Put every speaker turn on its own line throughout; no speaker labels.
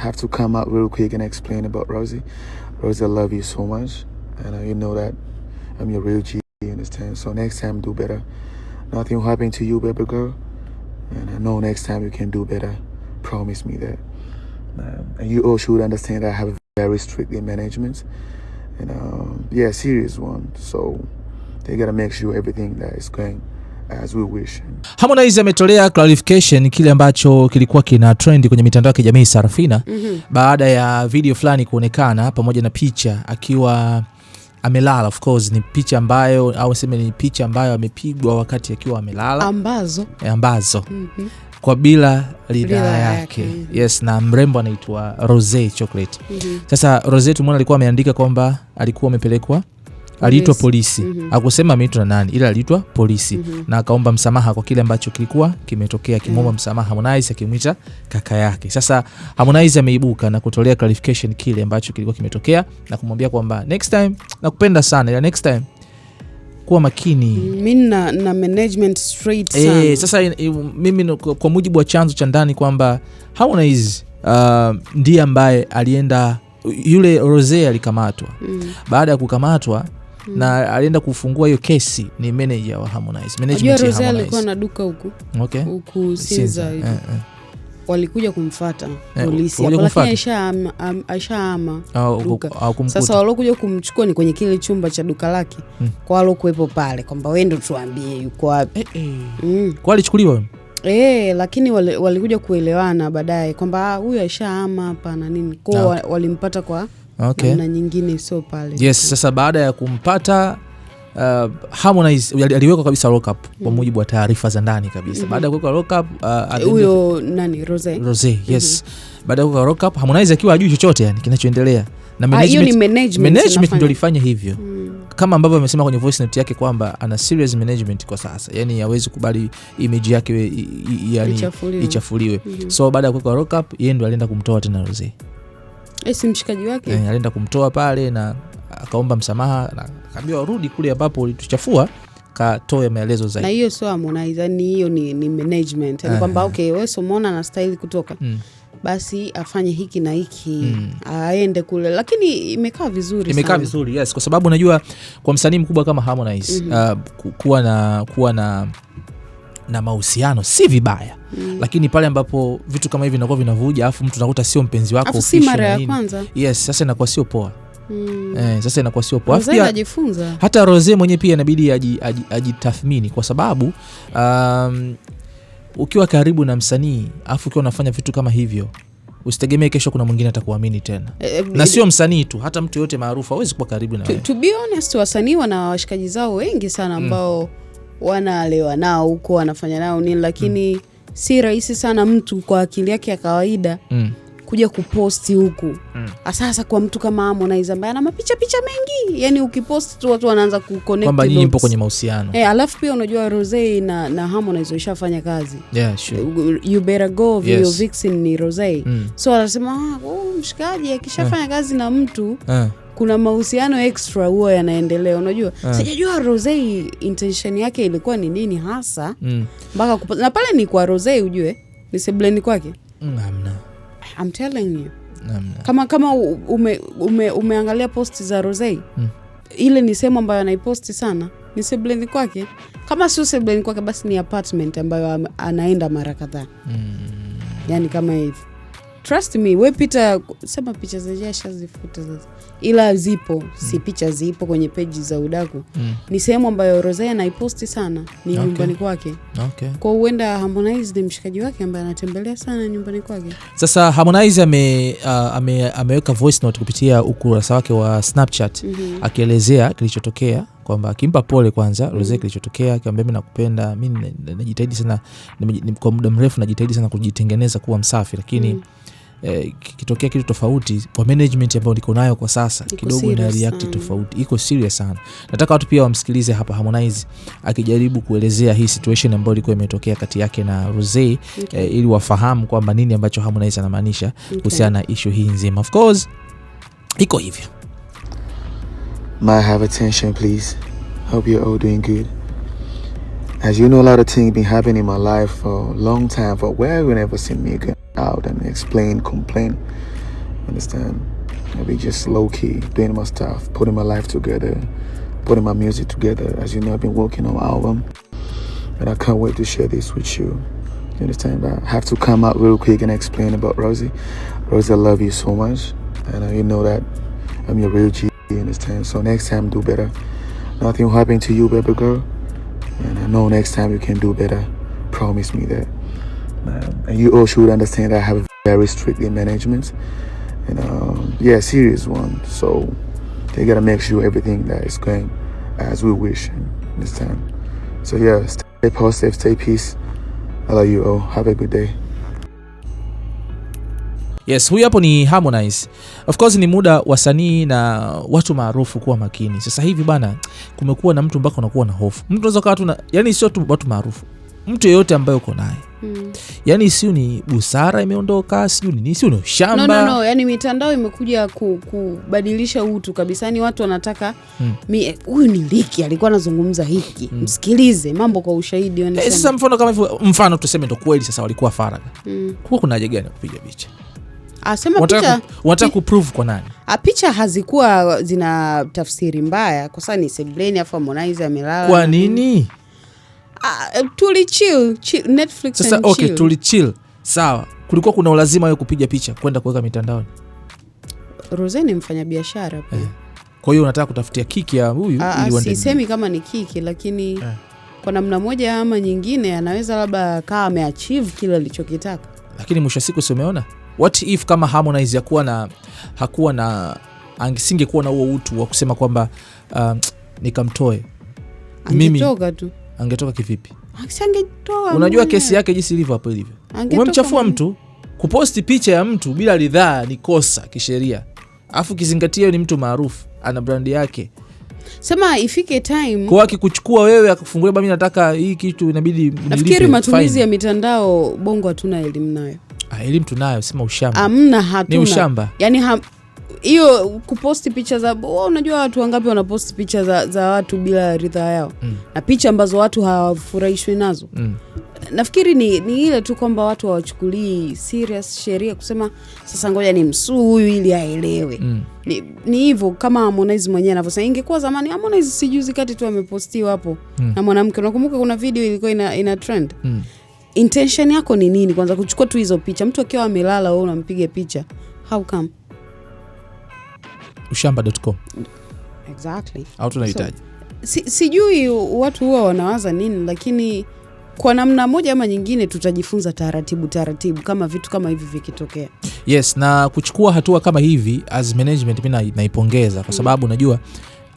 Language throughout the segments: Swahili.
have to come out real quick and explain about Rosie. Rosie, I love you so much, and uh, you know that I'm your real G. You understand? So next time, do better. Nothing will happen to you, baby girl, and I know next time you can do better. Promise me that. Um, and you all should understand I have very strict management, and um, yeah, serious one. So they gotta make sure everything that is going as we wish.
Harmonize ametolea clarification kile ambacho kilikuwa kina trend kwenye mitandao ya kijamii Sarafina, mm -hmm. baada ya video fulani kuonekana pamoja na picha akiwa amelala of course, ni picha ambayo au sema ni picha ambayo amepigwa wakati akiwa amelala
ambazo,
e, ambazo. Mm -hmm. kwa bila ridhaa yake mm Yes, na mrembo anaitwa Rose Chocolate mm -hmm. Sasa Rose tumeona alikuwa ameandika kwamba alikuwa amepelekwa aliitwa polisi mm -hmm. Akusema ameitwa na nani, ila aliitwa polisi mm -hmm. Na akaomba msamaha kwa kile ambacho kilikuwa kimetokea, akimwomba mm -hmm. msamaha Harmonize akimwita kaka yake. Sasa Harmonize ameibuka na kutolea clarification kile ambacho kilikuwa kimetokea na kumwambia kwamba next time nakupenda sana, ila next time kuwa makini. Mm,
mimi na, na management straight eh, sana. E,
sasa mimi kwa mujibu wa chanzo cha ndani kwamba Harmonize uh, ndiye ambaye alienda yule Rose alikamatwa mm. Baada ya kukamatwa mm. na alienda kufungua hiyo kesi ni manager wa Harmonize.
Management ya Harmonize. Alikuwa na duka huku okay. huku Sinza eh, eh. walikuja kumfata eh, polisi hapo, lakini aishaama ah, sasa. Walokuja kumchukua ni kwenye kile chumba cha duka lake mm. kwa walokuwepo pale kwamba wewe ndo tuambie yuko wapi eh, eh.
mm. kwa alichukuliwa
E, lakini walikuja wali kuelewana baadaye kwamba ah, huyu aishaama hapa na nini kwao, okay. Ah. walimpata kwa okay. namna nyingine sio pale
yes. Sasa baada ya kumpata Uh, Harmonize aliwekwa kabisa Kwa mm. mujibu wa taarifa za ndani kabisa mm -hmm. Baada ya kuwekwa
uh, huyo uh, nani Rose
Rose yes mm -hmm. Baada ya kuwekwa lockup Harmonize akiwa chochote yani kinachoendelea
na ah, management, management,
management ndio ilifanya hivyo mm. Kama ambavyo amesema kwenye voice note yake kwamba ana serious management kwa sasa, yani hawezi kubali image yake yani ichafuliwe, ichafuliwe. Mm -hmm. So baada ya kuwekwa lockup yeye ndo alienda kumtoa tena Rose
Eh, si mshikaji wake
e, alienda kumtoa pale na akaomba msamaha na akaambiwa rudi kule ambapo ulituchafua katoe maelezo zaidi.
Na hiyo sio Harmonize, yani hiyo ni, ni management yani eh. kwamba okay, wewe sio muona anastahili kutoka mm basi afanye hiki na hiki mm. aende kule, lakini imekaa vizuri, imekaa
vizuri yes, kwa sababu unajua kwa msanii mkubwa kama Harmonize mm -hmm. uh, kuwa na kuwa na na mahusiano si vibaya mm. Lakini pale ambapo vitu kama hivi vinakuwa vinavuja, alafu mtu nakuta sio mpenzi wako
si mara ya kwanza.
Yes, sasa inakuwa sio poa mm. Eh, sasa inakuwa sio poa. Hata Rose mwenyewe pia inabidi ajitathmini aji, aji kwa sababu um, ukiwa karibu na msanii afu ukiwa unafanya vitu kama hivyo usitegemee kesho kuna mwingine atakuamini tena e, e, na eh, sio msanii tu, hata mtu yoyote maarufu hawezi kuwa karibu na wewe.
To be honest, wasanii wana washikaji zao wengi sana mm. ambao mm wanaalewa nao huko, wanafanya nao nini, lakini mm. si rahisi sana mtu kwa akili yake ya kawaida mm kuja kuposti huku mm. Sasa kwa mtu kama Harmonize ambaye ana mapicha picha mengi, yani ukiposti tu watu wanaanza kuconnect
kwenye mahusiano
hey, eh, alafu pia unajua Rose na, na Harmonize ishafanya kazi yeah, sure. ubera go vio yes. vixin ni Rose mm. So anasema ah, oh, mshikaji akishafanya yeah. kazi na mtu yeah kuna mahusiano extra huwa yanaendelea, unajua yeah. Sijajua Rose intenshen yake ilikuwa ni nini hasa mm. mpaka kupa... na pale ni kwa Rose, ujue ni sebleni kwake mm, I'm telling you kama kama ume, ume, umeangalia posti za Rosei mm. ile ni sehemu ambayo anaiposti sana ni sebleni kwake kama sio sebleni kwake basi ni apartment ambayo anaenda mara kadhaa mm. yani kama hivi trust me wepita sema picha zenyewe shazifuta sasa ila zipo, si picha zipo kwenye peji za udaku mm. Ni sehemu ambayo Rosea anaiposti sana, ni okay. Nyumbani kwake okay. Kwa huenda Harmonize ni mshikaji wake ambaye anatembelea sana nyumbani kwake.
Sasa Harmonize ame, uh, ame, ameweka voice note kupitia ukurasa wake wa Snapchat mm -hmm. akielezea kilichotokea kwamba akimpa pole kwanza mm -hmm. kilichotokea, akiambia mimi nakupenda, mimi najitahidi sana kwa muda mrefu, najitahidi sana kujitengeneza kuwa msafi lakini mm -hmm eh, kitokea kitu tofauti kwa management ambayo niko nayo kwa sasa iko kidogo na react tofauti, iko serious sana. Nataka watu pia wamsikilize hapa Harmonize akijaribu kuelezea hii situation ambayo ilikuwa imetokea kati yake na Rose eh, okay. eh, ili wafahamu kwamba nini ambacho Harmonize anamaanisha kuhusiana okay. na issue hii nzima. Of course iko hivyo.
my have attention please? Hope you're all doing good. As you know, a lot of things been happening in my life for a long time, but where you never seen me get out and explain, complain. Understand? i be just low key doing my stuff, putting my life together, putting my music together. As you know, I've been working on album, and I can't wait to share this with you. You understand? But I have to come out real quick and explain about Rosie. Rosie, I love you so much, and you know that I'm your real G. You understand? So next time, do better. Nothing will happen to you, baby girl. And I know next time you can do better. Promise me that. Um, and you all should understand I have very strict management. And um, yeah, serious one. So they gotta make sure everything that is going as we wish this time. So yeah, stay positive, stay peace. I love you all. Have a good day.
Yes, huyu hapo ni Harmonize. Of course ni muda wasanii na watu maarufu kuwa makini. Sasa hivi bana, kumekuwa na mtu mpaka unakuwa na hofu. Mtu unaweza kuwa tu, na, yani sio tu watu maarufu, mtu yeyote ambaye uko naye Hmm. Yaani sio ni busara imeondoka, sio ni sio ni shamba.
No, no, no. yani mitandao imekuja kubadilisha ku utu kabisa. Yaani watu wanataka hmm. huyu hmm. ni liki alikuwa anazungumza hiki hmm. msikilize mambo kwa ushahidi. Eh,
sasa mfano kama hivyo, mfano tuseme ndo kweli sasa walikuwa faraga. hmm. Kwa kuna haja gani kupiga picha? asema ah, picha kwa nani?
Ah, picha hazikuwa zina tafsiri mbaya, kwa sababu ni sebleni, afu Harmonize amelala.
Kwa nini?
Uh, okay,
sawa. Kulikuwa kuna ulazima wewe kupiga picha kwenda kuweka mitandaoni?
Rose ni mfanyabiashara pia eh.
Kwa hiyo unataka kutafutia kiki ya huyu?
Sisemi kama ni kiki, lakini eh, kwa namna moja ama nyingine anaweza labda kaa ameachieve kile alichokitaka,
lakini mwisho wa siku si umeona What if kama Harmonize hakuwa na hakuwa na angesingekuwa na huo utu wa kusema kwamba uh, nikamtoe mimi, angetoka kivipi? Unajua kesi yake jinsi ilivyo hapo ilivyo, umemchafua mtu. Kuposti picha ya mtu bila ridhaa ni kosa kisheria, afu kizingatia ni mtu maarufu, ana brandi yake.
Sema ifike time
kwa akikuchukua wewe akakufungulia, mimi nataka hii kitu, inabidi.
Nafikiri matumizi ya mitandao Bongo hatuna elimu nayo.
Ah, elimu tunayo, sema ushamba.
Amna, hatuna. Ni ushamba yani ha hiyo kuposti picha za oh, unajua watu wangapi wanaposti picha za, za watu bila ridhaa yao mm. na picha ambazo watu hawafurahishwi nazo mm. Nafikiri ni, ni ile tu kwamba watu hawachukulii serious sheria kusema sasa ngoja ni msuu huyu ili aelewe mm. Ni hivyo kama Harmonize mwenyewe anavyosema. Ingekuwa zamani Harmonize sijuzi kati tu amepostiwa hapo mm. na mwanamke, unakumbuka kuna video ilikuwa ina, ina trend mm intention yako ni nini kwanza kuchukua tu hizo picha? Mtu akiwa amelala wewe unampiga picha, how come?
Ushamba.com exactly, au tunahitaji so,
si, sijui watu huwa wanawaza nini, lakini kwa namna moja ama nyingine tutajifunza taratibu taratibu, kama vitu kama hivi vikitokea.
Yes, na kuchukua hatua kama hivi as management, mi naipongeza kwa sababu mm. najua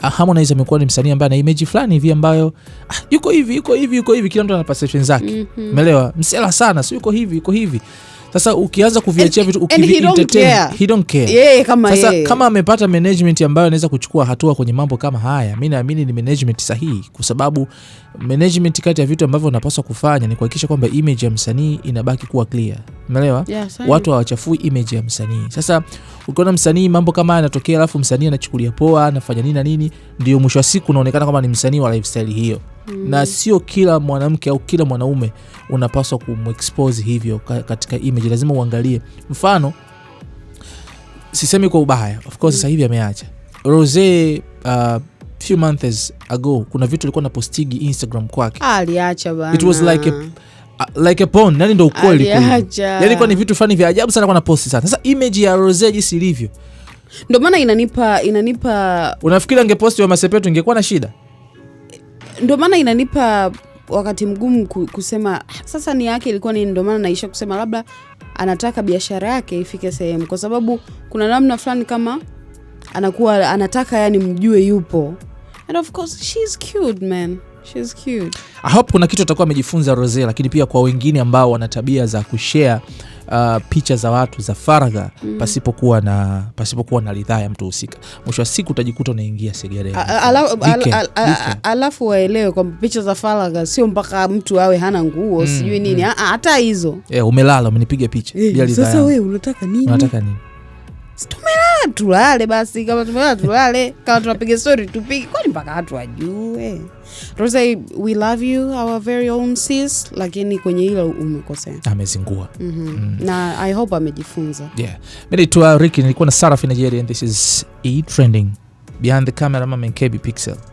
Ah, Harmonize amekuwa ni msanii ambaye ana image fulani hivi ambayo ah, yuko hivi yuko hivi yuko hivi, kila mtu ana perception zake, mhm. umeelewa? mm -hmm. Msela sana, si yuko hivi yuko hivi sasa ukianza kuviachia vitu ukivientertain, kama amepata management ambayo anaweza kuchukua hatua kwenye mambo kama haya, mi naamini ni management sahihi, kwa sababu management kati ya vitu ambavyo unapaswa kufanya ni kuhakikisha kwamba image ya msanii inabaki kuwa clear. Umeelewa? Yeah, watu hawachafui image ya msanii. Sasa ukiona msanii mambo kama haya anatokea alafu msanii anachukulia poa, anafanya nini na nini, ndio mwisho wa siku unaonekana kwamba ni msanii wa lifestyle hiyo mm. na sio kila mwanamke au kila mwanaume unapaswa kumexpose hivyo katika image. Lazima uangalie, mfano sisemi kwa ubaya, of course mm. hivi ameacha Rose uh, few months ago kuna vitu alikuwa napostigi Instagram kwake,
ah, aliacha bana.
It was like a, uh, like a porn, yani ndo ukweli yani kwa ni vitu fani vya ajabu sana kwa naposti sana. Sasa image ya Rose jinsi ilivyo,
ndio maana inanipa inanipa,
unafikiri angeposti wa Masepetu ingekuwa na shida?
ndio maana inanipa wakati mgumu kusema sasa ni yake ilikuwa ni, ndio maana naisha kusema labda anataka biashara yake ifike sehemu, kwa sababu kuna namna fulani kama anakuwa anataka yani mjue yupo, and of course she's cute man. She's cute.
I hope kuna kitu atakuwa amejifunza Rose, lakini pia kwa wengine ambao wana tabia za kushare uh, picha za watu za faragha mm. pasipokuwa na pasipokuwa na ridhaa ya mtu husika. Mwisho wa siku utajikuta unaingia segereni.
Alafu waelewe kwamba picha za faragha sio mpaka mtu awe hana nguo mm, sijui nini mm. hata hizo
yeah, umelala umenipiga picha eh, bila ridhaa. Sasa
wewe unataka nini? Unataka nini? tulale basi, kama tumeona tulale, kama tunapiga story tupige, kwani mpaka watu wajue. Rosa, we love you our very own sis, lakini kwenye hilo umekosea.
Amezingua. mm -hmm.
mm. na I hope amejifunza.
Yeah. Mimi tu Ricky, nilikuwa na Sarah Nigeria and this is E Trending. Behind the camera, Mama Nkebi Pixel.